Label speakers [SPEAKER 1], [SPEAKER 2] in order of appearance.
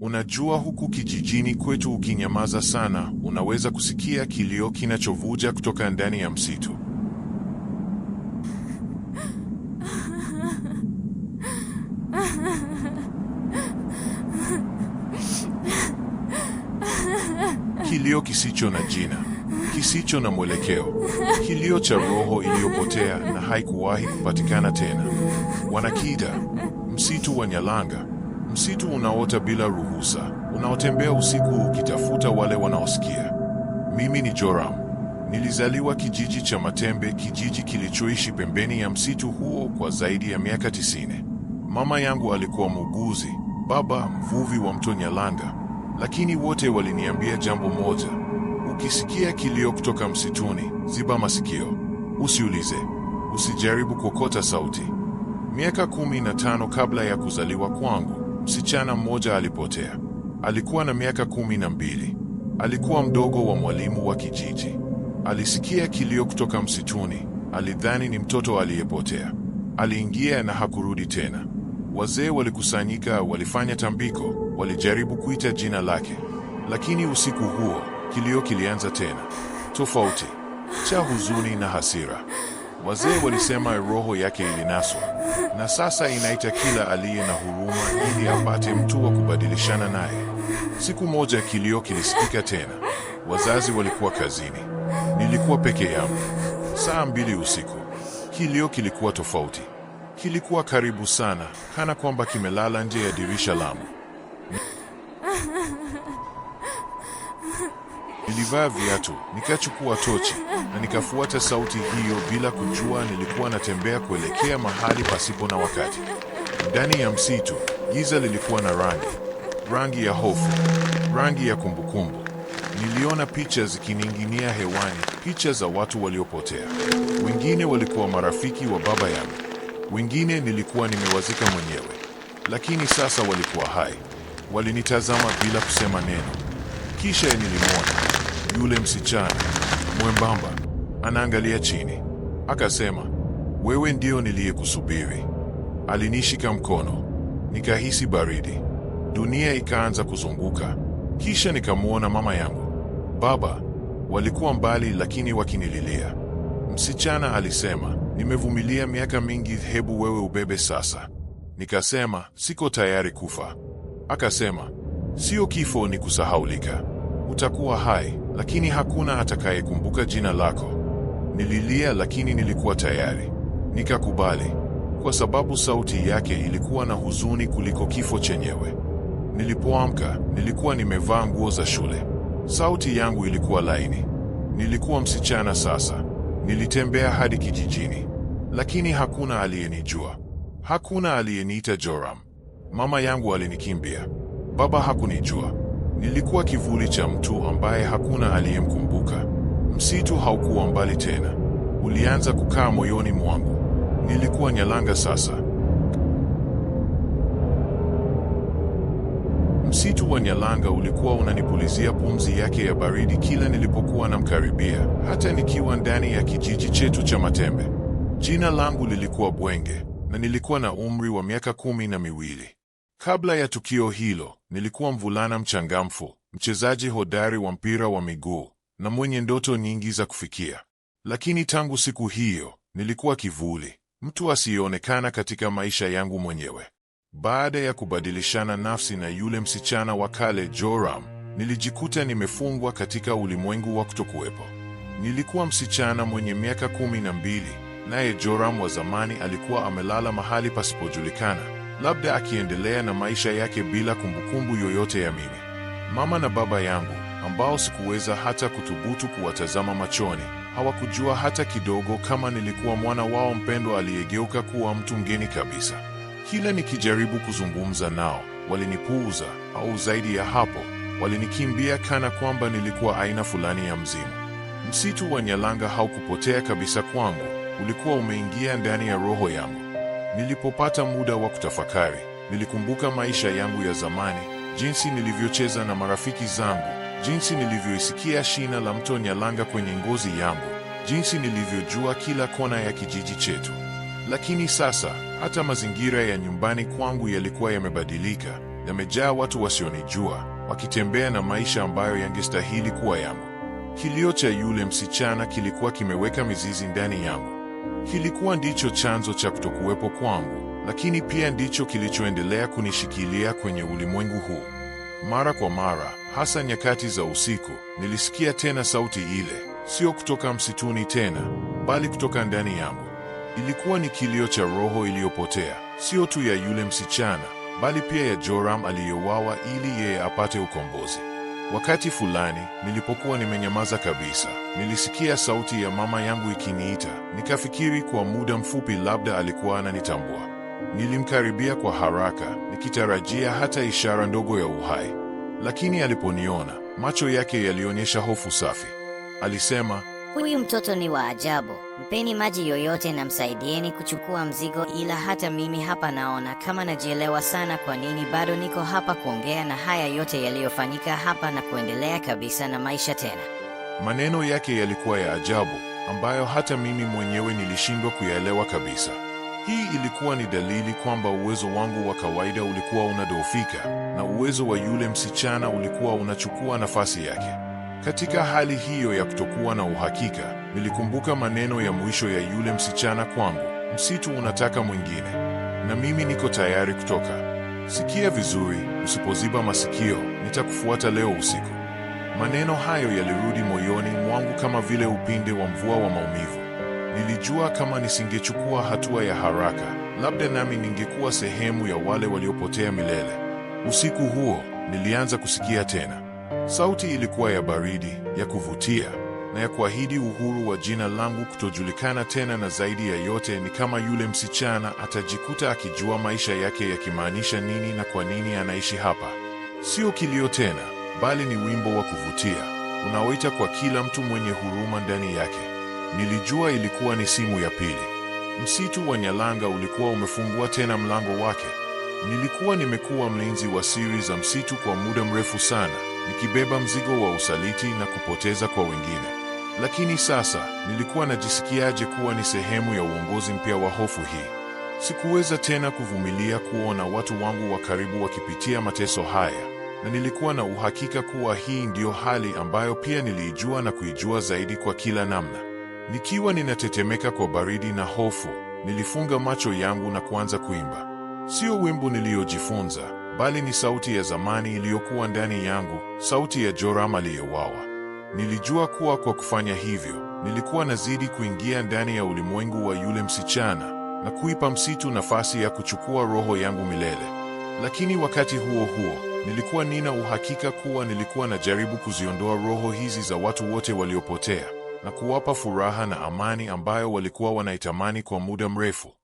[SPEAKER 1] Unajua, huku kijijini kwetu ukinyamaza sana, unaweza kusikia kilio kinachovuja kutoka ndani ya msitu. Kilio kisicho na jina, kisicho na mwelekeo, kilio cha roho iliyopotea na haikuwahi kupatikana tena. Wanakiita msitu wa Nyalanga. Msitu unaota bila ruhusa, unaotembea usiku ukitafuta wale wanaosikia. Mimi ni Joram. Nilizaliwa kijiji cha Matembe, kijiji kilichoishi pembeni ya msitu huo kwa zaidi ya miaka tisini. Mama yangu alikuwa muuguzi, baba mvuvi wa mto Nyalanga, lakini wote waliniambia jambo moja: ukisikia kilio kutoka msituni, ziba masikio, usiulize, usijaribu kuokota sauti. Miaka kumi na tano kabla ya kuzaliwa kwangu Msichana mmoja alipotea. Alikuwa na miaka kumi na mbili. Alikuwa mdogo wa mwalimu wa kijiji. Alisikia kilio kutoka msituni. Alidhani ni mtoto aliyepotea. Aliingia na hakurudi tena. Wazee walikusanyika, walifanya tambiko, walijaribu kuita jina lake, lakini usiku huo kilio kilianza tena, tofauti, cha huzuni na hasira. Wazee walisema roho yake ilinaswa na sasa inaita kila aliye na huruma ili apate mtu wa kubadilishana naye. Siku moja kilio kilisikika tena. Wazazi walikuwa kazini, nilikuwa peke yangu. Saa mbili usiku. Kilio kilikuwa tofauti, kilikuwa karibu sana, kana kwamba kimelala nje ya dirisha langu. Nilivaa viatu, nikachukua tochi na nikafuata sauti hiyo bila kujua nilikuwa natembea kuelekea mahali pasipo na wakati. Ndani ya msitu, giza lilikuwa na rangi, rangi ya hofu, rangi ya kumbukumbu. Niliona picha zikining'inia hewani, picha za watu waliopotea. Wengine walikuwa marafiki wa baba yangu, wengine nilikuwa nimewazika mwenyewe, lakini sasa walikuwa hai. Walinitazama bila kusema neno. Kisha nilimwona yule msichana mwembamba anaangalia chini, akasema, wewe ndio niliyekusubiri. Alinishika mkono, nikahisi baridi, dunia ikaanza kuzunguka. Kisha nikamwona mama yangu, baba walikuwa mbali, lakini wakinililia. Msichana alisema, nimevumilia miaka mingi, hebu wewe ubebe sasa. Nikasema, siko tayari kufa. Akasema, sio kifo, ni kusahaulika utakuwa hai, lakini hakuna atakayekumbuka jina lako. Nililia, lakini nilikuwa tayari. Nikakubali kwa sababu sauti yake ilikuwa na huzuni kuliko kifo chenyewe. Nilipoamka nilikuwa nimevaa nguo za shule. Sauti yangu ilikuwa laini. Nilikuwa msichana sasa. Nilitembea hadi kijijini, lakini hakuna aliyenijua. Hakuna aliyeniita Joram. Mama yangu alinikimbia, baba hakunijua nilikuwa kivuli cha mtu ambaye hakuna aliyemkumbuka. Msitu haukuwa mbali tena, ulianza kukaa moyoni mwangu. Nilikuwa Nyalanga sasa. Msitu wa Nyalanga ulikuwa unanipulizia pumzi yake ya baridi kila nilipokuwa namkaribia, hata nikiwa ndani ya kijiji chetu cha Matembe. Jina langu lilikuwa Bwenge na nilikuwa na umri wa miaka kumi na miwili. Kabla ya tukio hilo, Nilikuwa mvulana mchangamfu, mchezaji hodari wa mpira wa miguu na mwenye ndoto nyingi za kufikia. Lakini tangu siku hiyo nilikuwa kivuli, mtu asiyeonekana katika maisha yangu mwenyewe. Baada ya kubadilishana nafsi na yule msichana wa kale Joram, nilijikuta nimefungwa katika ulimwengu wa kutokuwepo. Nilikuwa msichana mwenye miaka kumi na mbili, naye Joram wa zamani alikuwa amelala mahali pasipojulikana labda akiendelea na maisha yake bila kumbukumbu yoyote ya mimi, mama na baba yangu ambao sikuweza hata kuthubutu kuwatazama machoni. Hawakujua hata kidogo kama nilikuwa mwana wao mpendwa aliyegeuka kuwa mtu mgeni kabisa. Kila nikijaribu kuzungumza nao, walinipuuza au zaidi ya hapo, walinikimbia kana kwamba nilikuwa aina fulani ya mzimu. Msitu wa Nyalanga haukupotea kabisa kwangu, ulikuwa umeingia ndani ya roho yangu. Nilipopata muda wa kutafakari, nilikumbuka maisha yangu ya zamani, jinsi nilivyocheza na marafiki zangu, jinsi nilivyoisikia shina la mto Nyalanga kwenye ngozi yangu, jinsi nilivyojua kila kona ya kijiji chetu. Lakini sasa hata mazingira ya nyumbani kwangu yalikuwa yamebadilika, yamejaa watu wasionijua, wakitembea na maisha ambayo yangestahili kuwa yangu. Kilio cha yule msichana kilikuwa kimeweka mizizi ndani yangu. Kilikuwa ndicho chanzo cha kutokuwepo kwangu, lakini pia ndicho kilichoendelea kunishikilia kwenye ulimwengu huu. Mara kwa mara, hasa nyakati za usiku, nilisikia tena sauti ile, sio kutoka msituni tena, bali kutoka ndani yangu. Ilikuwa ni kilio cha roho iliyopotea, sio tu ya yule msichana, bali pia ya Joram aliyeuawa ili yeye apate ukombozi. Wakati fulani nilipokuwa nimenyamaza kabisa, nilisikia sauti ya mama yangu ikiniita. Nikafikiri kwa muda mfupi labda alikuwa ananitambua. Nilimkaribia kwa haraka, nikitarajia hata ishara ndogo ya uhai, lakini aliponiona, macho yake yalionyesha hofu safi. Alisema, Huyu mtoto ni wa ajabu. Mpeni maji yoyote na msaidieni kuchukua mzigo, ila hata mimi hapa naona kama najielewa sana. Kwa nini bado niko hapa kuongea na haya yote yaliyofanyika hapa na kuendelea kabisa na maisha tena?
[SPEAKER 2] Maneno yake yalikuwa ya ajabu ambayo hata mimi mwenyewe nilishindwa kuyaelewa kabisa. Hii ilikuwa ni dalili kwamba uwezo wangu wa kawaida ulikuwa unadhoofika na uwezo wa yule msichana ulikuwa unachukua nafasi yake. Katika hali hiyo ya kutokuwa na uhakika, nilikumbuka maneno ya mwisho ya yule msichana kwangu, msitu unataka mwingine, na mimi niko tayari kutoka. Sikia vizuri, usipoziba masikio, nitakufuata leo usiku. Maneno hayo yalirudi moyoni mwangu kama vile upinde wa mvua wa maumivu. Nilijua kama nisingechukua hatua ya haraka, labda nami ningekuwa sehemu ya wale waliopotea milele. Usiku huo, nilianza kusikia tena. Sauti ilikuwa ya baridi, ya kuvutia na ya kuahidi uhuru wa jina langu kutojulikana tena, na zaidi ya yote ni kama yule msichana atajikuta akijua maisha yake yakimaanisha nini na kwa nini anaishi hapa. Sio kilio tena, bali ni wimbo wa kuvutia unaoita kwa kila mtu mwenye huruma ndani yake. Nilijua ilikuwa ni simu ya pili. Msitu wa Nyalanga ulikuwa umefungua tena mlango wake. Nilikuwa nimekuwa mlinzi wa siri za msitu kwa muda mrefu sana nikibeba mzigo wa usaliti na kupoteza kwa wengine. Lakini sasa nilikuwa najisikiaje kuwa ni sehemu ya uongozi mpya wa hofu hii? Sikuweza tena kuvumilia kuona watu wangu wa karibu wakipitia mateso haya, na nilikuwa na uhakika kuwa hii ndiyo hali ambayo pia niliijua na kuijua zaidi kwa kila namna. Nikiwa ninatetemeka kwa baridi na hofu, nilifunga macho yangu na kuanza kuimba, sio wimbo niliyojifunza bali ni sauti ya zamani iliyokuwa ndani yangu, sauti ya Joram aliyeuawa. Nilijua kuwa kwa kufanya hivyo, nilikuwa nazidi kuingia ndani ya ulimwengu wa yule msichana na kuipa msitu nafasi ya kuchukua roho yangu milele. Lakini wakati huo huo, nilikuwa nina uhakika kuwa nilikuwa najaribu kuziondoa roho hizi za watu wote waliopotea na kuwapa furaha na amani ambayo walikuwa wanaitamani kwa muda mrefu.